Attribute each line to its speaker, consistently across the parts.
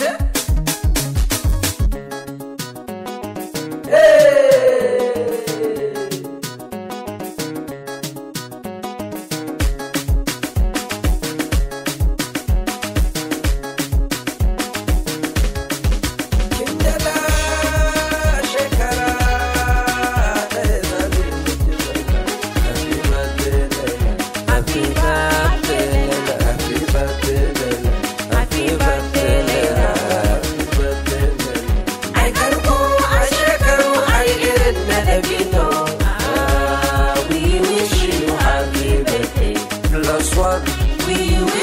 Speaker 1: dansı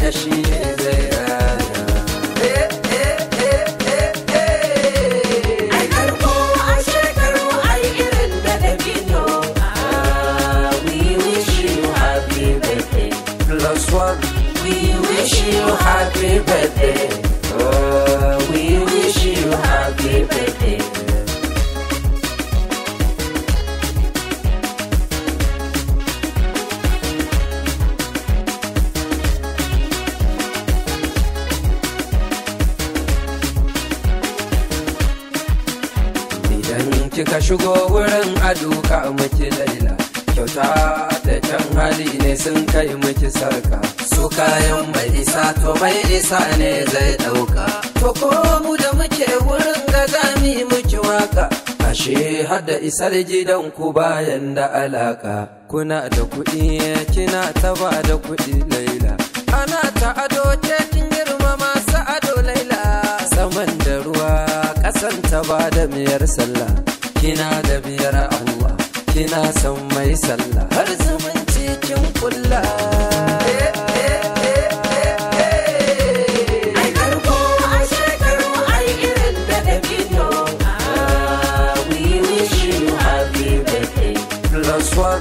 Speaker 1: da shi zai rana
Speaker 2: One. We wish you happy birthday. Oh.
Speaker 1: kika shigo wurin ado ka miki laila kyauta da can hali ne sun kai miki sarka su kayan mai isa to mai isa ne zai dauka to ko mu da muke wurin ga zami muki waka ashe har da isar gidan ku bayan da alaka kuna da kuɗi kina ta ba da kuɗi laila ana ta ado ce kin girma masu ado laila saman da ruwa ƙasan ta ba da miyar sallah kina da biyar Allah kina san mai sallah har zaman kin
Speaker 2: kulla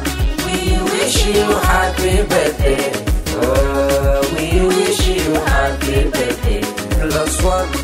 Speaker 2: We wish happy birthday. Oh, we wish you happy birthday. Plus one.